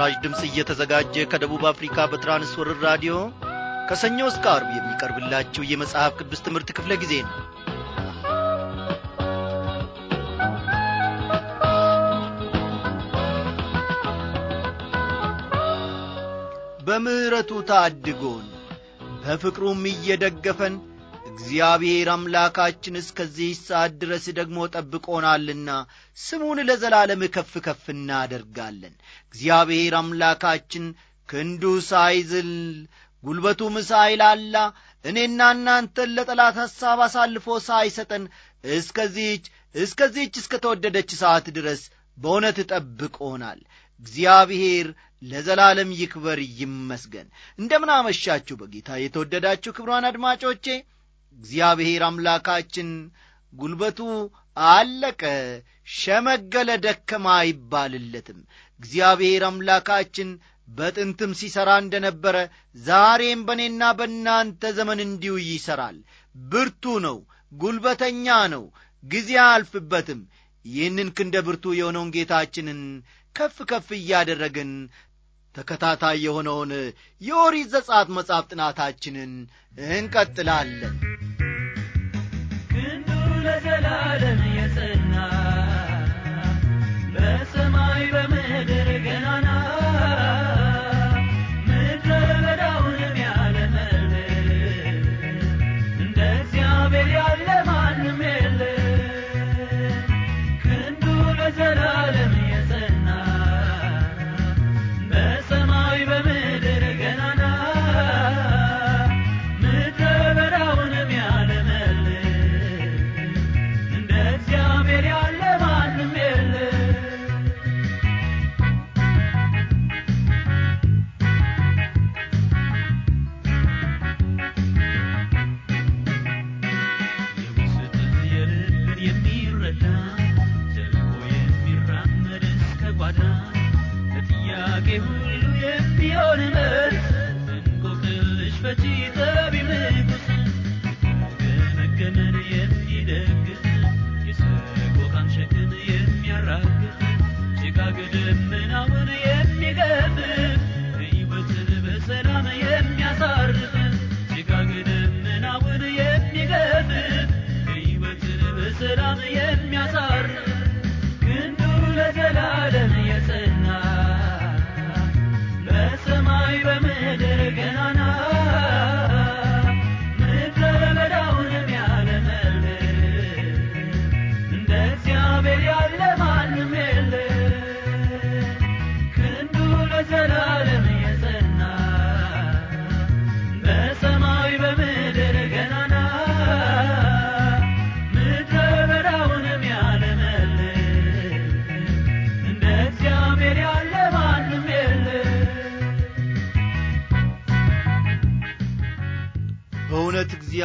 ለምስራች ድምፅ እየተዘጋጀ ከደቡብ አፍሪካ በትራንስወርር ራዲዮ ከሰኞ እስከ አርብ የሚቀርብላችሁ የመጽሐፍ ቅዱስ ትምህርት ክፍለ ጊዜ ነው በምሕረቱ ታድጎን በፍቅሩም እየደገፈን እግዚአብሔር አምላካችን እስከዚህ ሰዓት ድረስ ደግሞ ጠብቆናልና ስሙን ለዘላለም ከፍ ከፍ እናደርጋለን። እግዚአብሔር አምላካችን ክንዱ ሳይዝል ጉልበቱም ሳይላላ እኔና እናንተን ለጠላት ሐሳብ አሳልፎ ሳይሰጠን እስከዚች እስከዚች እስከ ተወደደች ሰዓት ድረስ በእውነት ጠብቆናል። እግዚአብሔር ለዘላለም ይክበር ይመስገን። እንደምን አመሻችሁ በጌታ የተወደዳችሁ ክብሯን አድማጮቼ እግዚአብሔር አምላካችን ጉልበቱ አለቀ፣ ሸመገለ፣ ደከማ አይባልለትም። እግዚአብሔር አምላካችን በጥንትም ሲሠራ እንደ ነበረ ዛሬም በእኔና በእናንተ ዘመን እንዲሁ ይሠራል። ብርቱ ነው፣ ጉልበተኛ ነው፣ ጊዜ አልፍበትም ይህንን ክንደ ብርቱ የሆነውን ጌታችንን ከፍ ከፍ እያደረግን ተከታታይ የሆነውን የኦሪት ዘጸአት መጽሐፍ ጥናታችንን እንቀጥላለን ክንዱ ለዘላለም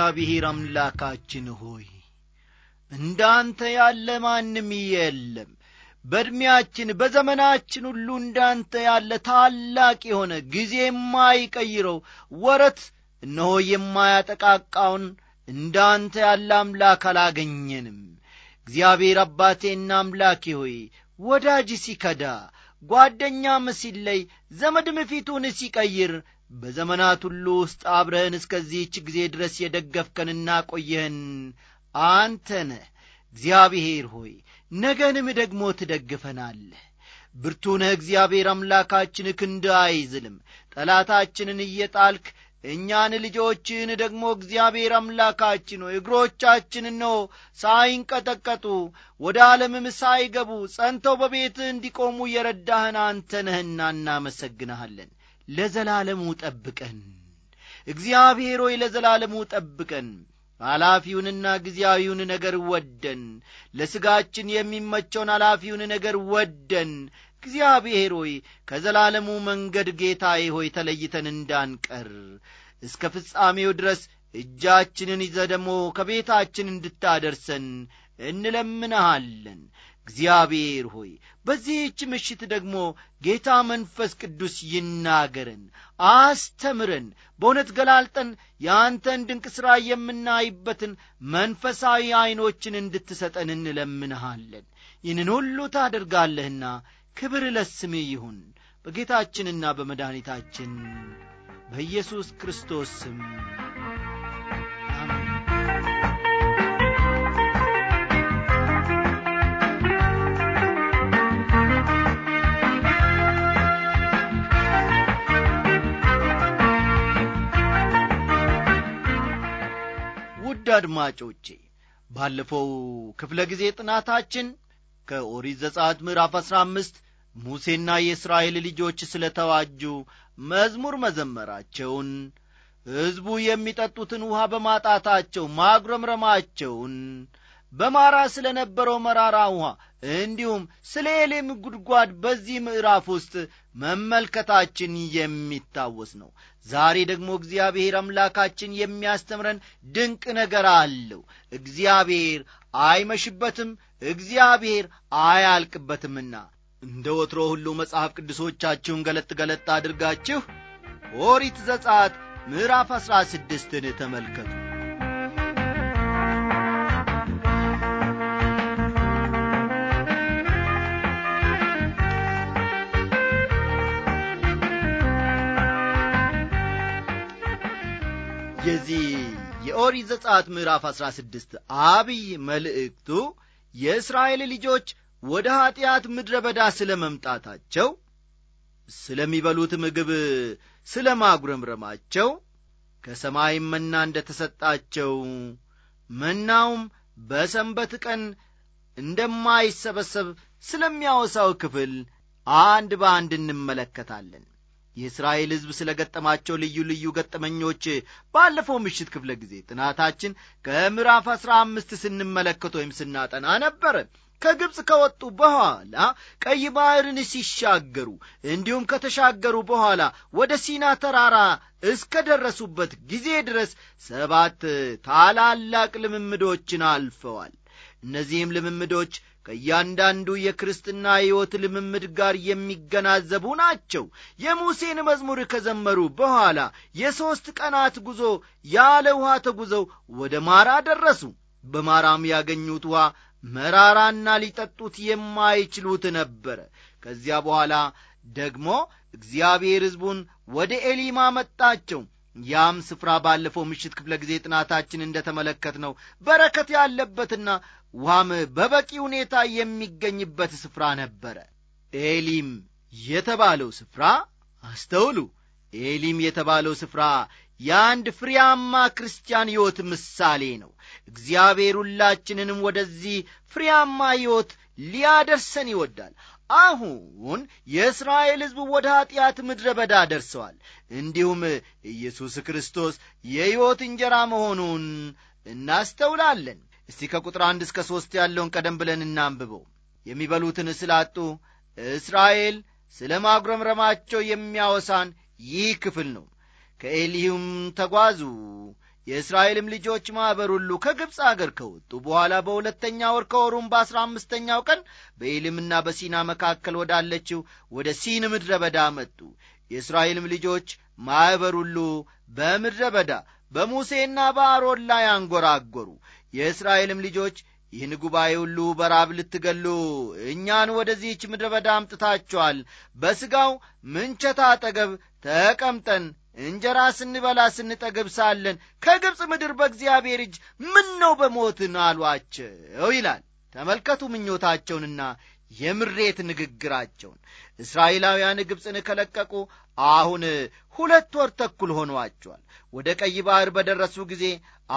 እግዚአብሔር አምላካችን ሆይ እንዳንተ ያለ ማንም የለም በዕድሜያችን በዘመናችን ሁሉ እንዳንተ ያለ ታላቅ የሆነ ጊዜ የማይቀይረው ወረት እነሆ የማያጠቃቃውን እንዳንተ ያለ አምላክ አላገኘንም እግዚአብሔር አባቴና አምላኬ ሆይ ወዳጅ ሲከዳ ጓደኛም ሲለይ ዘመድም ፊቱን ሲቀይር በዘመናት ሁሉ ውስጥ አብረህን እስከዚህች ጊዜ ድረስ የደገፍከንና ቆየህን አንተ ነህ። እግዚአብሔር ሆይ ነገንም ደግሞ ትደግፈናለህ። ብርቱ እግዚአብሔር አምላካችን፣ ክንድ አይዝልም። ጠላታችንን እየጣልክ እኛን ልጆችን ደግሞ እግዚአብሔር አምላካችን ሆይ እግሮቻችን ኖ ሳይንቀጠቀጡ ወደ ዓለምም ሳይገቡ ጸንተው በቤትህ እንዲቆሙ የረዳህን አንተ ነህና እናመሰግንሃለን። ለዘላለሙ ጠብቀን እግዚአብሔር ሆይ ለዘላለሙ ጠብቀን ኃላፊውንና ጊዜያዊውን ነገር ወደን ለሥጋችን የሚመቸውን ኃላፊውን ነገር ወደን እግዚአብሔር ሆይ ከዘላለሙ መንገድ ጌታዬ ሆይ ተለይተን እንዳንቀር እስከ ፍጻሜው ድረስ እጃችንን ይዘ ደግሞ ከቤታችን እንድታደርሰን እንለምንሃለን እግዚአብሔር ሆይ በዚህች ምሽት ደግሞ ጌታ መንፈስ ቅዱስ ይናገረን፣ አስተምረን። በእውነት ገላልጠን የአንተን ድንቅ ሥራ የምናይበትን መንፈሳዊ ዐይኖችን እንድትሰጠን እንለምንሃለን። ይህንን ሁሉ ታደርጋለህና ክብር ለስሜ ይሁን በጌታችንና በመድኃኒታችን በኢየሱስ ክርስቶስ ስም ውድ አድማጮቼ ባለፈው ክፍለ ጊዜ ጥናታችን ከኦሪት ዘጻት ምዕራፍ አሥራ አምስት ሙሴና የእስራኤል ልጆች ስለ ተዋጁ መዝሙር መዘመራቸውን ሕዝቡ የሚጠጡትን ውሃ በማጣታቸው ማጉረምረማቸውን በማራ ስለ ነበረው መራራ ውኃ እንዲሁም ስለ ኤሌም ጉድጓድ በዚህ ምዕራፍ ውስጥ መመልከታችን የሚታወስ ነው። ዛሬ ደግሞ እግዚአብሔር አምላካችን የሚያስተምረን ድንቅ ነገር አለው። እግዚአብሔር አይመሽበትም፣ እግዚአብሔር አያልቅበትምና እንደ ወትሮ ሁሉ መጽሐፍ ቅዱሶቻችሁን ገለጥ ገለጥ አድርጋችሁ ኦሪት ዘጻት ምዕራፍ አሥራ ስድስትን ተመልከቱ። የዚህ የኦሪት ዘጸአት ምዕራፍ አሥራ ስድስት አብይ መልእክቱ የእስራኤል ልጆች ወደ ኀጢአት ምድረ በዳ ስለ መምጣታቸው፣ ስለሚበሉት ምግብ ስለ ማጉረምረማቸው፣ ከሰማይም መና እንደ ተሰጣቸው መናውም በሰንበት ቀን እንደማይሰበሰብ ስለሚያወሳው ክፍል አንድ በአንድ እንመለከታለን። የእስራኤል ሕዝብ ስለ ገጠማቸው ልዩ ልዩ ገጠመኞች ባለፈው ምሽት ክፍለ ጊዜ ጥናታችን ከምዕራፍ አስራ አምስት ስንመለከት ወይም ስናጠና ነበረ። ከግብፅ ከወጡ በኋላ ቀይ ባሕርን ሲሻገሩ እንዲሁም ከተሻገሩ በኋላ ወደ ሲና ተራራ እስከደረሱበት ጊዜ ድረስ ሰባት ታላላቅ ልምምዶችን አልፈዋል። እነዚህም ልምምዶች ከእያንዳንዱ የክርስትና ሕይወት ልምምድ ጋር የሚገናዘቡ ናቸው። የሙሴን መዝሙር ከዘመሩ በኋላ የሦስት ቀናት ጉዞ ያለ ውኃ ተጉዘው ወደ ማራ ደረሱ። በማራም ያገኙት ውኃ መራራና ሊጠጡት የማይችሉት ነበረ። ከዚያ በኋላ ደግሞ እግዚአብሔር ሕዝቡን ወደ ኤሊማ መጣቸው። ያም ስፍራ ባለፈው ምሽት ክፍለ ጊዜ ጥናታችን እንደተመለከትነው በረከት ያለበትና ውሃም በበቂ ሁኔታ የሚገኝበት ስፍራ ነበረ። ኤሊም የተባለው ስፍራ አስተውሉ። ኤሊም የተባለው ስፍራ የአንድ ፍሬያማ ክርስቲያን ሕይወት ምሳሌ ነው። እግዚአብሔር ሁላችንንም ወደዚህ ፍሬያማ ሕይወት ሊያደርሰን ይወዳል። አሁን የእስራኤል ሕዝብ ወደ ኀጢአት ምድረ በዳ ደርሰዋል። እንዲሁም ኢየሱስ ክርስቶስ የሕይወት እንጀራ መሆኑን እናስተውላለን። እስቲ ከቁጥር አንድ እስከ ሦስት ያለውን ቀደም ብለን እናንብበው የሚበሉትን ስላጡ እስራኤል ስለ ማጉረምረማቸው የሚያወሳን ይህ ክፍል ነው ከኤሊሁም ተጓዙ የእስራኤልም ልጆች ማኅበር ሁሉ ከግብፅ አገር ከወጡ በኋላ በሁለተኛ ወር ከወሩም በአሥራ አምስተኛው ቀን በኤልምና በሲና መካከል ወዳለችው ወደ ሲን ምድረ በዳ መጡ የእስራኤልም ልጆች ማኅበር ሁሉ በምድረ በዳ በሙሴና በአሮን ላይ አንጐራጐሩ የእስራኤልም ልጆች ይህን ጉባኤ ሁሉ በራብ ልትገሉ እኛን ወደዚህች ምድረ በዳ አምጥታችኋል፣ በሥጋው ምንቸት አጠገብ ተቀምጠን እንጀራ ስንበላ ስንጠግብ ሳለን ከግብፅ ምድር በእግዚአብሔር እጅ ምን ነው በሞትን አሏቸው ይላል። ተመልከቱ ምኞታቸውንና የምሬት ንግግራቸውን። እስራኤላውያን ግብፅን ከለቀቁ አሁን ሁለት ወር ተኩል ሆኗቸዋል። ወደ ቀይ ባሕር በደረሱ ጊዜ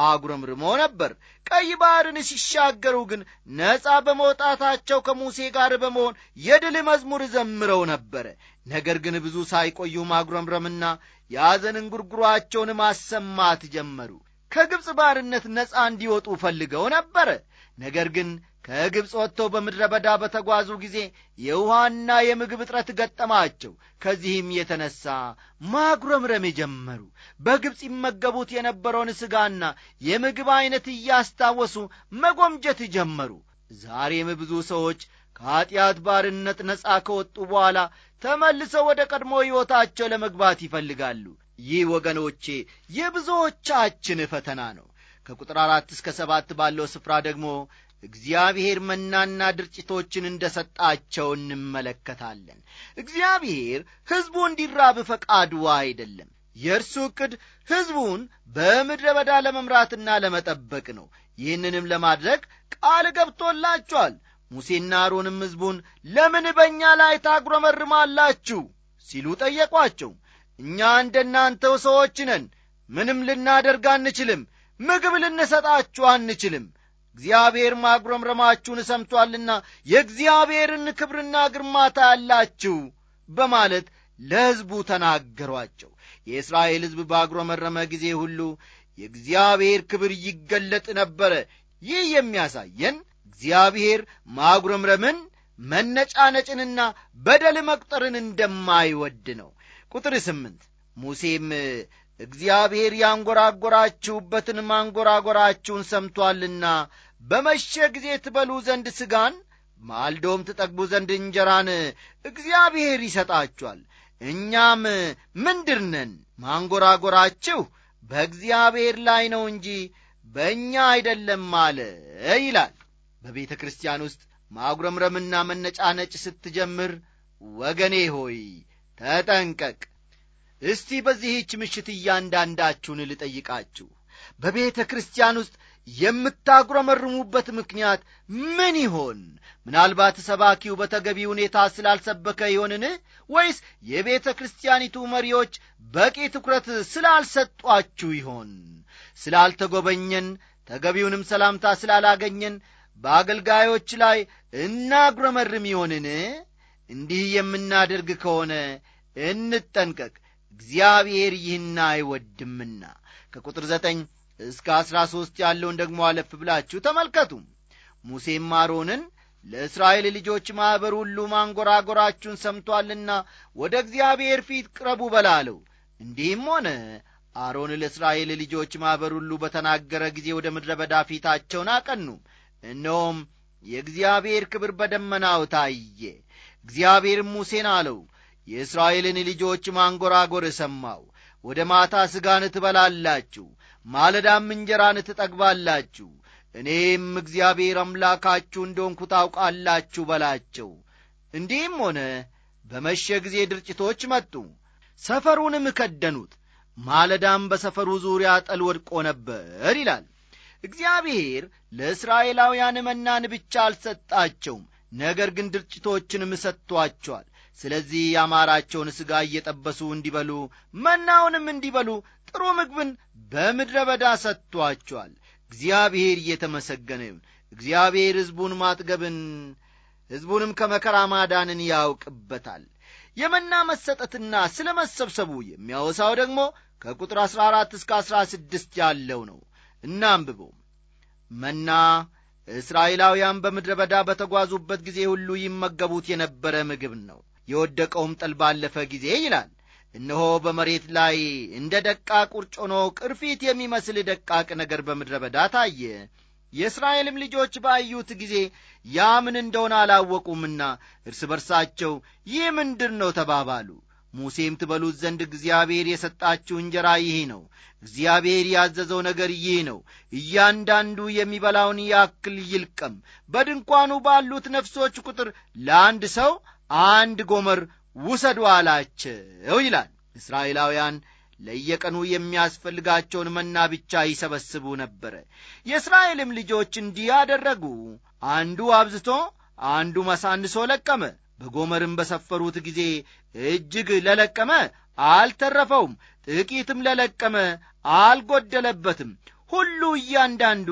አጉረምርሞ ነበር። ቀይ ባሕርን ሲሻገሩ ግን ነፃ በመውጣታቸው ከሙሴ ጋር በመሆን የድል መዝሙር ዘምረው ነበረ። ነገር ግን ብዙ ሳይቆዩ ማጉረምረምና የአዘን እንጉርጉሯቸውን ማሰማት ጀመሩ። ከግብፅ ባርነት ነፃ እንዲወጡ ፈልገው ነበረ። ነገር ግን ከግብፅ ወጥተው በምድረ በዳ በተጓዙ ጊዜ የውሃና የምግብ እጥረት ገጠማቸው። ከዚህም የተነሣ ማጉረምረም ጀመሩ። በግብፅ ይመገቡት የነበረውን ሥጋና የምግብ ዐይነት እያስታወሱ መጐምጀት ጀመሩ። ዛሬም ብዙ ሰዎች ከኀጢአት ባርነት ነጻ ከወጡ በኋላ ተመልሰው ወደ ቀድሞ ሕይወታቸው ለመግባት ይፈልጋሉ። ይህ ወገኖቼ የብዙዎቻችን ፈተና ነው። ከቁጥር አራት እስከ ሰባት ባለው ስፍራ ደግሞ እግዚአብሔር መናና ድርጭቶችን እንደ ሰጣቸው እንመለከታለን። እግዚአብሔር ሕዝቡ እንዲራብ ፈቃዱ አይደለም። የእርሱ ዕቅድ ሕዝቡን በምድረ በዳ ለመምራትና ለመጠበቅ ነው። ይህንንም ለማድረግ ቃል ገብቶላችኋል። ሙሴና አሮንም ሕዝቡን ለምን በእኛ ላይ ታጉረመርማላችሁ ሲሉ ጠየቋቸው። እኛ እንደ እናንተው ሰዎች ነን፣ ምንም ልናደርግ አንችልም፣ ምግብ ልንሰጣችሁ አንችልም እግዚአብሔር ማጉረምረማችሁን ሰምቶአልና የእግዚአብሔርን ክብርና ግርማታ ያላችሁ በማለት ለሕዝቡ ተናገሯቸው። የእስራኤል ሕዝብ ባጉረመረመ ጊዜ ሁሉ የእግዚአብሔር ክብር ይገለጥ ነበረ። ይህ የሚያሳየን እግዚአብሔር ማጉረምረምን መነጫነጭንና በደል መቁጠርን እንደማይወድ ነው። ቁጥር ስምንት ሙሴም እግዚአብሔር ያንጎራጎራችሁበትን ማንጎራጎራችሁን ሰምቶአልና በመሸ ጊዜ ትበሉ ዘንድ ሥጋን ማልዶም ትጠግቡ ዘንድ እንጀራን እግዚአብሔር ይሰጣችኋል። እኛም ምንድርነን ማንጎራጎራችሁ በእግዚአብሔር ላይ ነው እንጂ በእኛ አይደለም አለ ይላል። በቤተ ክርስቲያን ውስጥ ማጉረምረምና መነጫነጭ ስትጀምር ወገኔ ሆይ ተጠንቀቅ። እስቲ በዚህች ምሽት እያንዳንዳችሁን ልጠይቃችሁ፣ በቤተ ክርስቲያን ውስጥ የምታጉረመርሙበት ምክንያት ምን ይሆን? ምናልባት ሰባኪው በተገቢ ሁኔታ ስላልሰበከ ይሆንን? ወይስ የቤተ ክርስቲያኒቱ መሪዎች በቂ ትኩረት ስላልሰጧችሁ ይሆን? ስላልተጎበኘን፣ ተገቢውንም ሰላምታ ስላላገኘን በአገልጋዮች ላይ እናጉረመርም ይሆንን? እንዲህ የምናደርግ ከሆነ እንጠንቀቅ። እግዚአብሔር ይህን አይወድምና ከቁጥር ዘጠኝ እስከ አሥራ ሦስት ያለውን ደግሞ አለፍ ብላችሁ ተመልከቱ ሙሴም አሮንን ለእስራኤል ልጆች ማኅበር ሁሉ ማንጎራጎራችሁን ሰምቶአልና ወደ እግዚአብሔር ፊት ቅረቡ በላለው እንዲህም ሆነ አሮን ለእስራኤል ልጆች ማኅበር ሁሉ በተናገረ ጊዜ ወደ ምድረ በዳ ፊታቸውን አቀኑ እነሆም የእግዚአብሔር ክብር በደመናው ታየ እግዚአብሔርም ሙሴን አለው የእስራኤልን ልጆች ማንጎራጎር ሰማው ወደ ማታ ሥጋን ትበላላችሁ ማለዳም እንጀራን ትጠግባላችሁ፣ እኔም እግዚአብሔር አምላካችሁ እንደሆንኩ ታውቃላችሁ በላቸው። እንዲህም ሆነ። በመሸ ጊዜ ድርጭቶች መጡ፣ ሰፈሩንም ከደኑት። ማለዳም በሰፈሩ ዙሪያ ጠል ወድቆ ነበር ይላል። እግዚአብሔር ለእስራኤላውያን መናን ብቻ አልሰጣቸውም፣ ነገር ግን ድርጭቶችንም ሰጥቷቸዋል። ስለዚህ ያማራቸውን ሥጋ እየጠበሱ እንዲበሉ መናውንም እንዲበሉ ጥሩ ምግብን በምድረ በዳ ሰጥቷቸዋል እግዚአብሔር እየተመሰገነ ይሁን። እግዚአብሔር ሕዝቡን ማጥገብን ሕዝቡንም ከመከራ ማዳንን ያውቅበታል። የመና መሰጠትና ስለ መሰብሰቡ የሚያወሳው ደግሞ ከቁጥር 14 እስከ 16 ያለው ነው። እናንብበው። መና እስራኤላውያን በምድረ በዳ በተጓዙበት ጊዜ ሁሉ ይመገቡት የነበረ ምግብ ነው። የወደቀውም ጠል ባለፈ ጊዜ ይላል እነሆ በመሬት ላይ እንደ ደቃቅ ቁርጭ ሆኖ ቅርፊት የሚመስል ደቃቅ ነገር በምድረ በዳ ታየ። የእስራኤልም ልጆች ባዩት ጊዜ ያ ምን እንደሆነ አላወቁምና እርስ በርሳቸው ይህ ምንድር ነው ተባባሉ። ሙሴም ትበሉት ዘንድ እግዚአብሔር የሰጣችሁ እንጀራ ይህ ነው፣ እግዚአብሔር ያዘዘው ነገር ይህ ነው፣ እያንዳንዱ የሚበላውን ያክል ይልቀም፣ በድንኳኑ ባሉት ነፍሶች ቁጥር ለአንድ ሰው አንድ ጎመር ውሰዱ አላቸው ይላል። እስራኤላውያን ለየቀኑ የሚያስፈልጋቸውን መና ብቻ ይሰበስቡ ነበረ። የእስራኤልም ልጆች እንዲህ አደረጉ። አንዱ አብዝቶ፣ አንዱ መሳንሶ ለቀመ። በጎመርም በሰፈሩት ጊዜ እጅግ ለለቀመ አልተረፈውም፣ ጥቂትም ለለቀመ አልጎደለበትም። ሁሉ እያንዳንዱ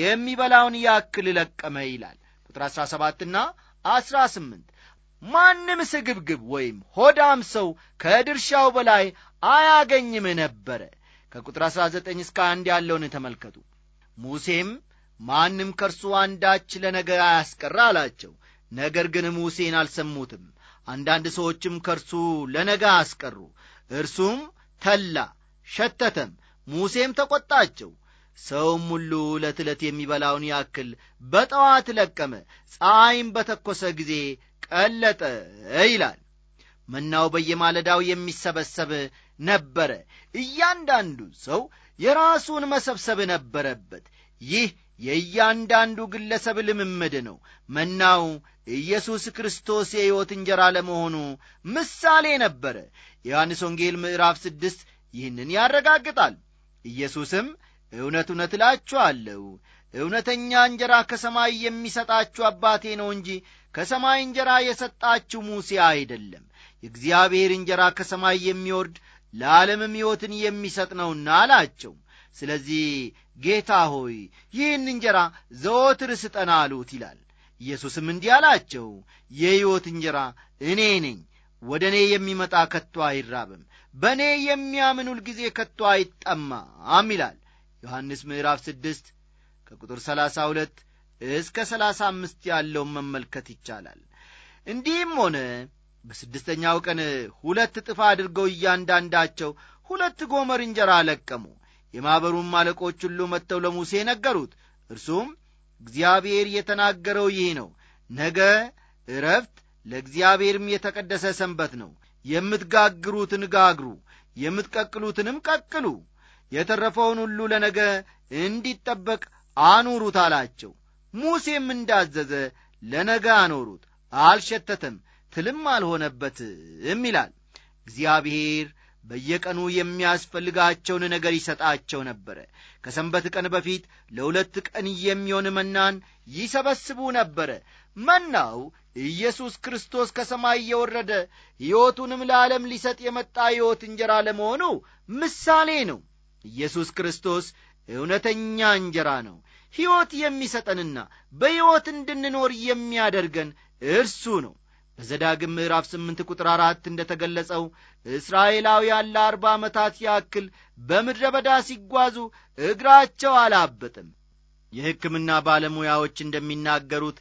የሚበላውን ያክል ለቀመ ይላል ቁጥር 17ና 18 ማንም ስግብግብ ወይም ሆዳም ሰው ከድርሻው በላይ አያገኝም ነበረ። ከቁጥር 19 እስከ አንድ ያለውን ተመልከቱ። ሙሴም ማንም ከእርሱ አንዳች ለነገ አያስቀራ አላቸው። ነገር ግን ሙሴን አልሰሙትም። አንዳንድ ሰዎችም ከእርሱ ለነገ አስቀሩ። እርሱም ተላ ሸተተም። ሙሴም ተቈጣቸው። ሰውም ሁሉ ዕለት ዕለት የሚበላውን ያክል በጠዋት ለቀመ፣ ፀሐይም በተኰሰ ጊዜ ቀለጠ ይላል። መናው በየማለዳው የሚሰበሰብ ነበረ። እያንዳንዱ ሰው የራሱን መሰብሰብ ነበረበት። ይህ የእያንዳንዱ ግለሰብ ልምምድ ነው። መናው ኢየሱስ ክርስቶስ የሕይወት እንጀራ ለመሆኑ ምሳሌ ነበረ። ዮሐንስ ወንጌል ምዕራፍ ስድስት ይህንን ያረጋግጣል። ኢየሱስም እውነት እውነት እላችኋለሁ እውነተኛ እንጀራ ከሰማይ የሚሰጣችሁ አባቴ ነው እንጂ ከሰማይ እንጀራ የሰጣችሁ ሙሴ አይደለም፣ የእግዚአብሔር እንጀራ ከሰማይ የሚወርድ ለዓለምም ሕይወትን የሚሰጥ ነውና አላቸው። ስለዚህ ጌታ ሆይ ይህን እንጀራ ዘወትር ስጠና አሉት ይላል። ኢየሱስም እንዲህ አላቸው፣ የሕይወት እንጀራ እኔ ነኝ። ወደ እኔ የሚመጣ ከቶ አይራብም፣ በእኔ የሚያምን ጊዜ ከቶ አይጠማም ይላል ዮሐንስ ምዕራፍ ስድስት ከቁጥር ሰላሳ ሁለት እስከ ሰላሳ አምስት ያለውን መመልከት ይቻላል። እንዲህም ሆነ በስድስተኛው ቀን ሁለት ጥፋ አድርገው እያንዳንዳቸው ሁለት ጎመር እንጀራ ለቀሙ። የማኅበሩም አለቆች ሁሉ መጥተው ለሙሴ ነገሩት። እርሱም እግዚአብሔር የተናገረው ይህ ነው፣ ነገ ዕረፍት ለእግዚአብሔርም የተቀደሰ ሰንበት ነው። የምትጋግሩትን ጋግሩ፣ የምትቀቅሉትንም ቀቅሉ፣ የተረፈውን ሁሉ ለነገ እንዲጠበቅ አኑሩት አላቸው። ሙሴም እንዳዘዘ ለነገ አኖሩት፣ አልሸተተም፣ ትልም አልሆነበትም ይላል። እግዚአብሔር በየቀኑ የሚያስፈልጋቸውን ነገር ይሰጣቸው ነበረ። ከሰንበት ቀን በፊት ለሁለት ቀን የሚሆን መናን ይሰበስቡ ነበረ። መናው ኢየሱስ ክርስቶስ ከሰማይ የወረደ ሕይወቱንም ለዓለም ሊሰጥ የመጣ ሕይወት እንጀራ ለመሆኑ ምሳሌ ነው። ኢየሱስ ክርስቶስ እውነተኛ እንጀራ ነው። ሕይወት የሚሰጠንና በሕይወት እንድንኖር የሚያደርገን እርሱ ነው በዘዳግም ምዕራፍ ስምንት ቁጥር አራት እንደ ተገለጸው እስራኤላውያን ለአርባ ዓመታት ያክል በምድረ በዳ ሲጓዙ እግራቸው አላበጥም የሕክምና ባለሙያዎች እንደሚናገሩት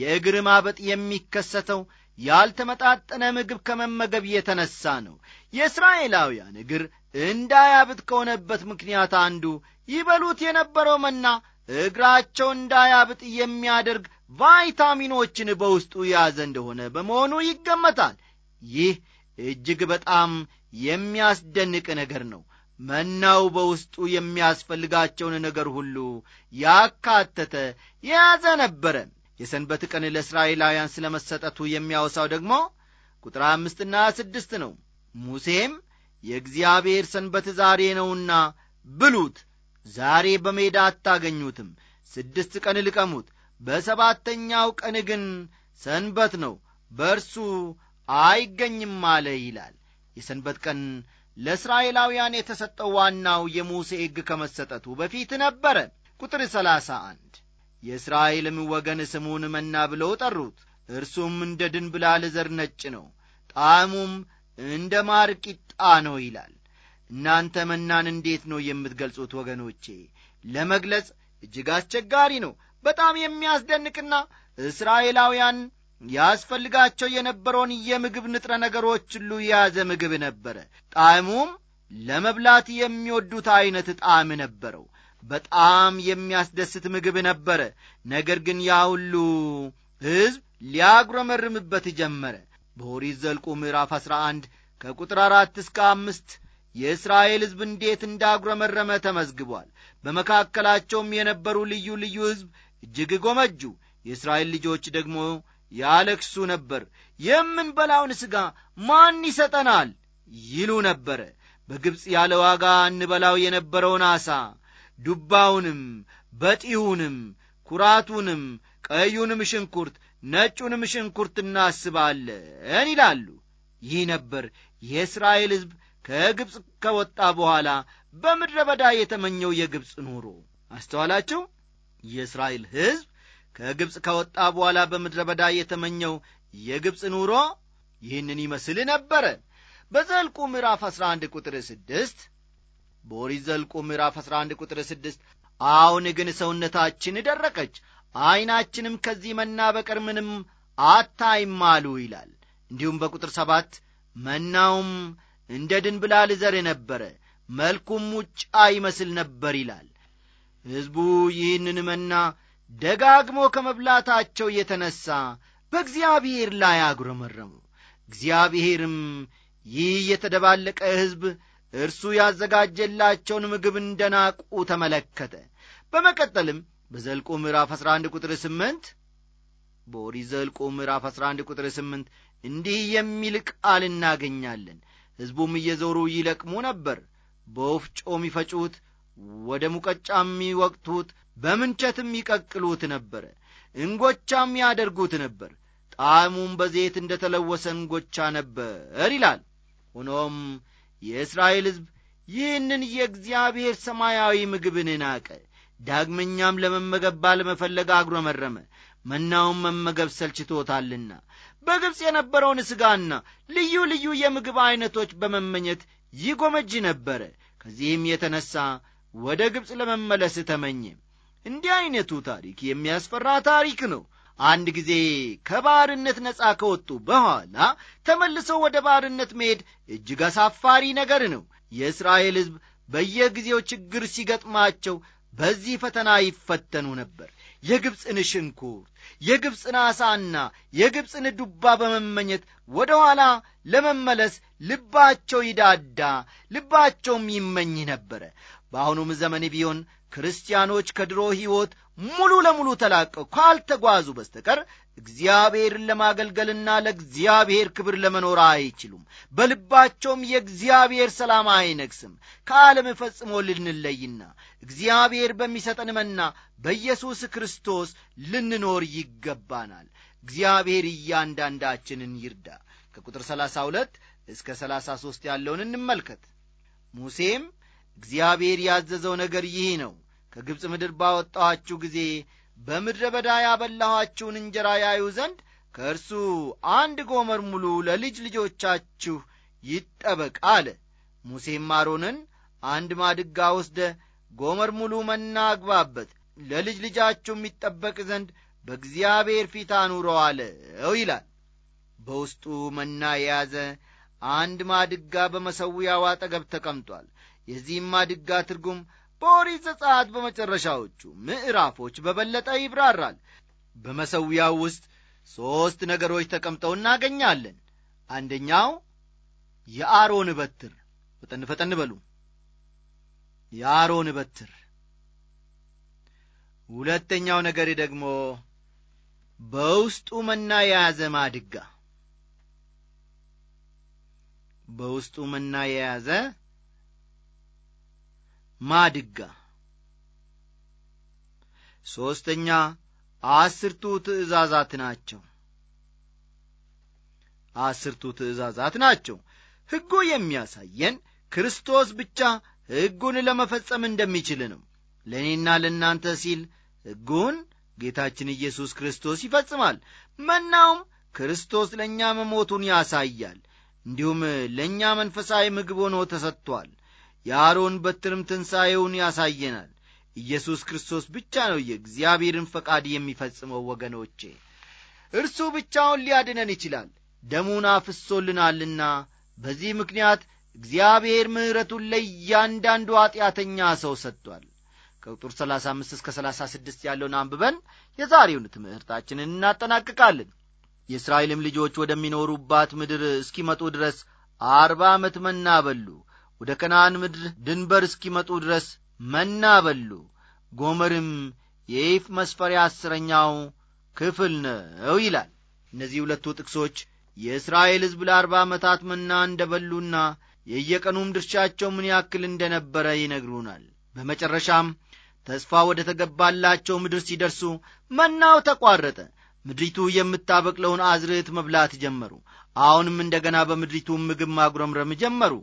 የእግር ማበጥ የሚከሰተው ያልተመጣጠነ ምግብ ከመመገብ የተነሳ ነው የእስራኤላውያን እግር እንዳያብጥ ከሆነበት ምክንያት አንዱ ይበሉት የነበረው መና እግራቸው እንዳያብጥ የሚያደርግ ቫይታሚኖችን በውስጡ የያዘ እንደሆነ በመሆኑ ይገመታል። ይህ እጅግ በጣም የሚያስደንቅ ነገር ነው። መናው በውስጡ የሚያስፈልጋቸውን ነገር ሁሉ ያካተተ የያዘ ነበረ። የሰንበት ቀን ለእስራኤላውያን ስለ መሰጠቱ የሚያወሳው ደግሞ ቁጥር አምስትና ስድስት ነው። ሙሴም የእግዚአብሔር ሰንበት ዛሬ ነውና ብሉት ዛሬ በሜዳ አታገኙትም። ስድስት ቀን ልቀሙት፣ በሰባተኛው ቀን ግን ሰንበት ነው፣ በእርሱ አይገኝም አለ ይላል። የሰንበት ቀን ለእስራኤላውያን የተሰጠው ዋናው የሙሴ ሕግ ከመሰጠቱ በፊት ነበረ። ቁጥር 31 የእስራኤልም ወገን ስሙን መና ብለው ጠሩት። እርሱም እንደ ድንብላል ዘር ነጭ ነው፣ ጣዕሙም እንደ ማር ቂጣ ነው ይላል። እናንተ መናን እንዴት ነው የምትገልጹት ወገኖቼ? ለመግለጽ እጅግ አስቸጋሪ ነው። በጣም የሚያስደንቅና እስራኤላውያን ያስፈልጋቸው የነበረውን የምግብ ንጥረ ነገሮች ሁሉ የያዘ ምግብ ነበረ። ጣዕሙም ለመብላት የሚወዱት ዐይነት ጣዕም ነበረው። በጣም የሚያስደስት ምግብ ነበረ። ነገር ግን ያ ሁሉ ሕዝብ ሊያጉረመርምበት ጀመረ። በኦሪት ዘኍልቍ ምዕራፍ 11 ከቁጥር አራት እስከ አምስት የእስራኤል ሕዝብ እንዴት እንዳጉረመረመ ተመዝግቧል። በመካከላቸውም የነበሩ ልዩ ልዩ ሕዝብ እጅግ ጎመጁ። የእስራኤል ልጆች ደግሞ ያለክሱ ነበር። የምንበላውን ሥጋ ማን ይሰጠናል ይሉ ነበረ። በግብፅ ያለ ዋጋ እንበላው የነበረውን አሳ ዱባውንም፣ በጢሁንም፣ ኩራቱንም፣ ቀዩንም ሽንኩርት ነጩንም ሽንኩርት እናስባለን ይላሉ። ይህ ነበር የእስራኤል ሕዝብ ከግብፅ ከወጣ በኋላ በምድረ በዳ የተመኘው የግብፅ ኑሮ አስተዋላችሁ? የእስራኤል ሕዝብ ከግብፅ ከወጣ በኋላ በምድረ በዳ የተመኘው የግብፅ ኑሮ ይህንን ይመስል ነበረ። በዘልቁ ምዕራፍ 11 ቁጥር 6 በወሪ ዘልቁ ምዕራፍ 11 ቁጥር 6 አሁን ግን ሰውነታችን ደረቀች፣ ዐይናችንም ከዚህ መና በቀር ምንም አታይም አሉ ይላል። እንዲሁም በቁጥር ሰባት መናውም እንደ ድንብላል ዘር የነበረ መልኩም ሙጫ ይመስል ነበር ይላል። ሕዝቡ ይህንን መና ደጋግሞ ከመብላታቸው የተነሣ በእግዚአብሔር ላይ አጉረመረሙ። እግዚአብሔርም ይህ የተደባለቀ ሕዝብ እርሱ ያዘጋጀላቸውን ምግብ እንደ ናቁ ተመለከተ። በመቀጠልም በዘልቆ ምዕራፍ 11 ቁጥር 8 በኦሪት ዘልቆ ምዕራፍ 11 ቁጥር 8 እንዲህ የሚል ቃል እናገኛለን። ሕዝቡም እየዞሩ ይለቅሙ ነበር በወፍጮም ይፈጩት ወደ ሙቀጫም ይወቅቱት በምንቸትም ይቀቅሉት ነበረ እንጎቻም ያደርጉት ነበር ጣዕሙም በዘይት እንደ ተለወሰ እንጎቻ ነበር ይላል ሆኖም የእስራኤል ሕዝብ ይህንን የእግዚአብሔር ሰማያዊ ምግብን ናቀ ዳግመኛም ለመመገብ ባለመፈለግ አጉረመረመ መናውም መመገብ ሰልችቶታልና በግብፅ የነበረውን ሥጋና ልዩ ልዩ የምግብ ዐይነቶች በመመኘት ይጎመጅ ነበረ። ከዚህም የተነሣ ወደ ግብፅ ለመመለስ ተመኘ። እንዲህ ዐይነቱ ታሪክ የሚያስፈራ ታሪክ ነው። አንድ ጊዜ ከባርነት ነፃ ከወጡ በኋላ ተመልሰው ወደ ባርነት መሄድ እጅግ አሳፋሪ ነገር ነው። የእስራኤል ሕዝብ በየጊዜው ችግር ሲገጥማቸው በዚህ ፈተና ይፈተኑ ነበር። የግብፅን ሽንኩርት የግብፅን አሳና የግብፅን ዱባ በመመኘት ወደ ኋላ ለመመለስ ልባቸው ይዳዳ ልባቸውም ይመኝ ነበረ። በአሁኑም ዘመን ቢሆን ክርስቲያኖች ከድሮ ሕይወት ሙሉ ለሙሉ ተላቀው ካልተጓዙ በስተቀር እግዚአብሔርን ለማገልገልና ለእግዚአብሔር ክብር ለመኖር አይችሉም። በልባቸውም የእግዚአብሔር ሰላም አይነግስም። ከዓለም ፈጽሞ ልንለይና እግዚአብሔር በሚሰጠን መና በኢየሱስ ክርስቶስ ልንኖር ይገባናል። እግዚአብሔር እያንዳንዳችንን ይርዳ። ከቁጥር 32 እስከ 33 ያለውን እንመልከት። ሙሴም እግዚአብሔር ያዘዘው ነገር ይህ ነው፣ ከግብፅ ምድር ባወጣኋችሁ ጊዜ በምድረ በዳ ያበላኋችሁን እንጀራ ያዩ ዘንድ ከእርሱ አንድ ጎመር ሙሉ ለልጅ ልጆቻችሁ ይጠበቅ አለ። ሙሴም አሮንን አንድ ማድጋ ወስደ ጎመር ሙሉ መና አግባበት፣ ለልጅ ልጃችሁ የሚጠበቅ ዘንድ በእግዚአብሔር ፊት አኑረዋለው ይላል። በውስጡ መና የያዘ አንድ ማድጋ በመሠዊያው አጠገብ ተቀምጧል። የዚህም ማድጋ ትርጉም በኦሪት ዘጸአት በመጨረሻዎቹ ምዕራፎች በበለጠ ይብራራል። በመሠዊያው ውስጥ ሦስት ነገሮች ተቀምጠው እናገኛለን። አንደኛው የአሮን በትር፣ ፈጠን ፈጠን በሉ፣ የአሮን በትር። ሁለተኛው ነገር ደግሞ በውስጡ መና የያዘ ማድጋ፣ በውስጡ መና የያዘ ማድጋ ሦስተኛ አስርቱ ትእዛዛት ናቸው አስርቱ ትእዛዛት ናቸው ሕጉ የሚያሳየን ክርስቶስ ብቻ ሕጉን ለመፈጸም እንደሚችል ነው ለእኔና ለእናንተ ሲል ሕጉን ጌታችን ኢየሱስ ክርስቶስ ይፈጽማል መናውም ክርስቶስ ለእኛ መሞቱን ያሳያል እንዲሁም ለእኛ መንፈሳዊ ምግብ ሆኖ ተሰጥቷል የአሮን በትርም ትንሣኤውን ያሳየናል። ኢየሱስ ክርስቶስ ብቻ ነው የእግዚአብሔርን ፈቃድ የሚፈጽመው። ወገኖቼ እርሱ ብቻውን ሊያድነን ይችላል፣ ደሙን አፍሶልናልና። በዚህ ምክንያት እግዚአብሔር ምሕረቱን ለእያንዳንዱ ኀጢአተኛ ሰው ሰጥቷል። ከቁጥር 35 እስከ 36 ያለውን አንብበን የዛሬውን ትምህርታችንን እናጠናቅቃለን። የእስራኤልም ልጆች ወደሚኖሩባት ምድር እስኪመጡ ድረስ አርባ ዓመት መና በሉ። ወደ ከነአን ምድር ድንበር እስኪመጡ ድረስ መና በሉ። ጎመርም የኢፍ መስፈሪያ አሥረኛው ክፍል ነው ይላል። እነዚህ ሁለቱ ጥቅሶች የእስራኤል ሕዝብ ለአርባ ዓመታት መና እንደ በሉና የየቀኑም ድርሻቸው ምን ያክል እንደ ነበረ ይነግሩናል። በመጨረሻም ተስፋ ወደ ተገባላቸው ምድር ሲደርሱ መናው ተቋረጠ። ምድሪቱ የምታበቅለውን አዝርዕት መብላት ጀመሩ። አሁንም እንደገና በምድሪቱ ምግብ ማጉረምረም ጀመሩ።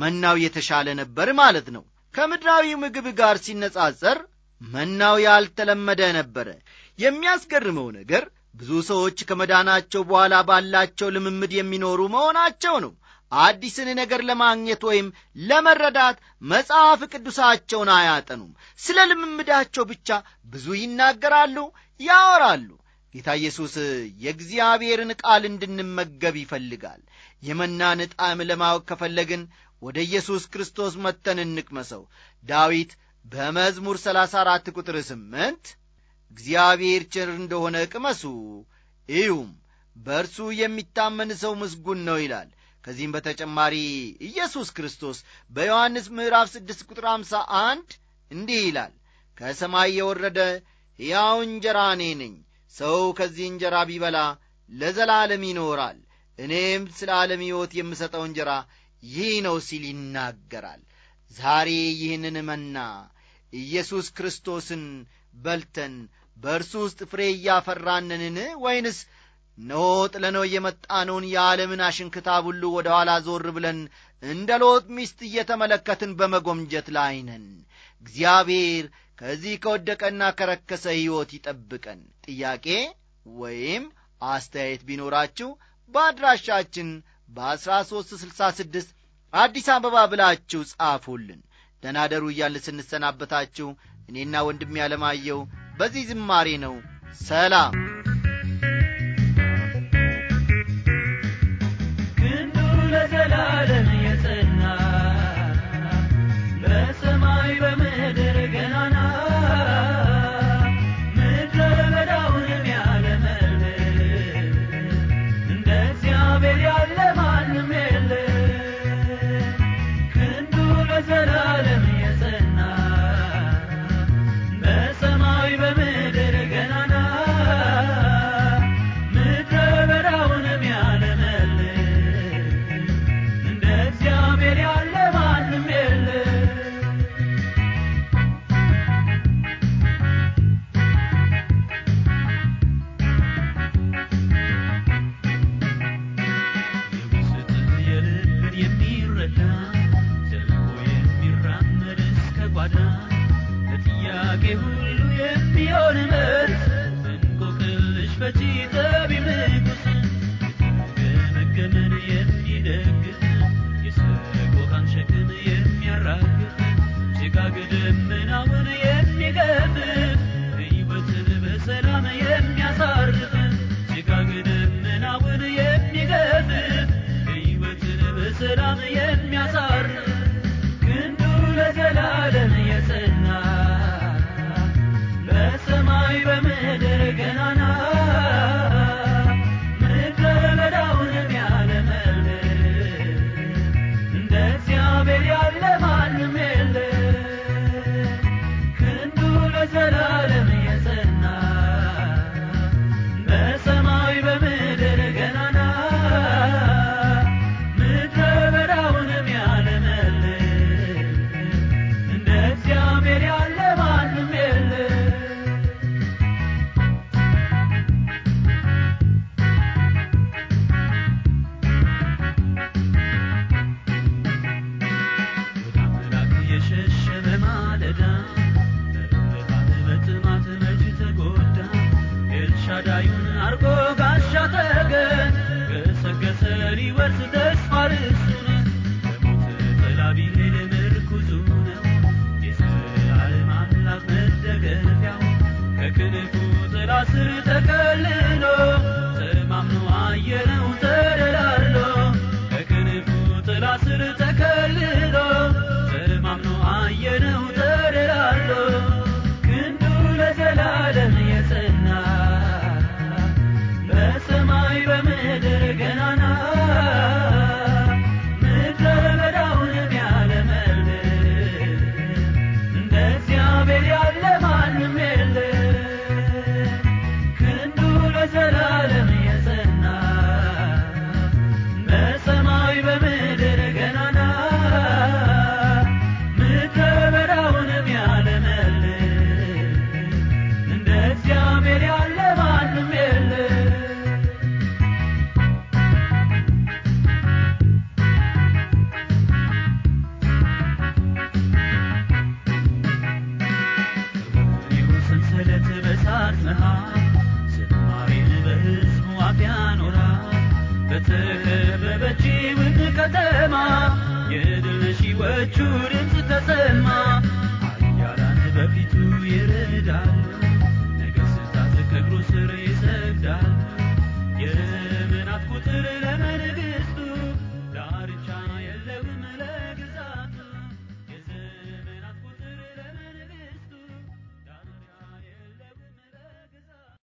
መናው የተሻለ ነበር ማለት ነው። ከምድራዊ ምግብ ጋር ሲነጻጸር መናው ያልተለመደ ነበረ። የሚያስገርመው ነገር ብዙ ሰዎች ከመዳናቸው በኋላ ባላቸው ልምምድ የሚኖሩ መሆናቸው ነው። አዲስን ነገር ለማግኘት ወይም ለመረዳት መጽሐፍ ቅዱሳቸውን አያጠኑም። ስለ ልምምዳቸው ብቻ ብዙ ይናገራሉ፣ ያወራሉ። ጌታ ኢየሱስ የእግዚአብሔርን ቃል እንድንመገብ ይፈልጋል። የመናን ጣዕም ለማወቅ ከፈለግን ወደ ኢየሱስ ክርስቶስ መተን እንቅመሰው። ዳዊት በመዝሙር 34 ቁጥር 8 እግዚአብሔር ቸር እንደሆነ ቅመሱ እዩም፣ በእርሱ የሚታመን ሰው ምስጉን ነው ይላል። ከዚህም በተጨማሪ ኢየሱስ ክርስቶስ በዮሐንስ ምዕራፍ 6 ቁጥር 51 እንዲህ ይላል ከሰማይ የወረደ ሕያው እንጀራ እኔ ነኝ። ሰው ከዚህ እንጀራ ቢበላ ለዘላለም ይኖራል። እኔም ስለ ዓለም ሕይወት የምሰጠው እንጀራ ይህ ነው ሲል ይናገራል። ዛሬ ይህንን መና ኢየሱስ ክርስቶስን በልተን በእርሱ ውስጥ ፍሬ እያፈራንንን ወይንስ እነሆ ጥለነው የመጣነውን የዓለምን አሽንክታብ ሁሉ ወደ ኋላ ዞር ብለን እንደ ሎጥ ሚስት እየተመለከትን በመጎምጀት ላይ ነን? እግዚአብሔር ከዚህ ከወደቀና ከረከሰ ሕይወት ይጠብቀን። ጥያቄ ወይም አስተያየት ቢኖራችሁ በአድራሻችን በአስራ ሦስት ስልሳ ስድስት አዲስ አበባ ብላችሁ ጻፉልን። ደናደሩ እያለ ስንሰናበታችሁ እኔና ወንድሜ ያለማየው በዚህ ዝማሬ ነው። ሰላም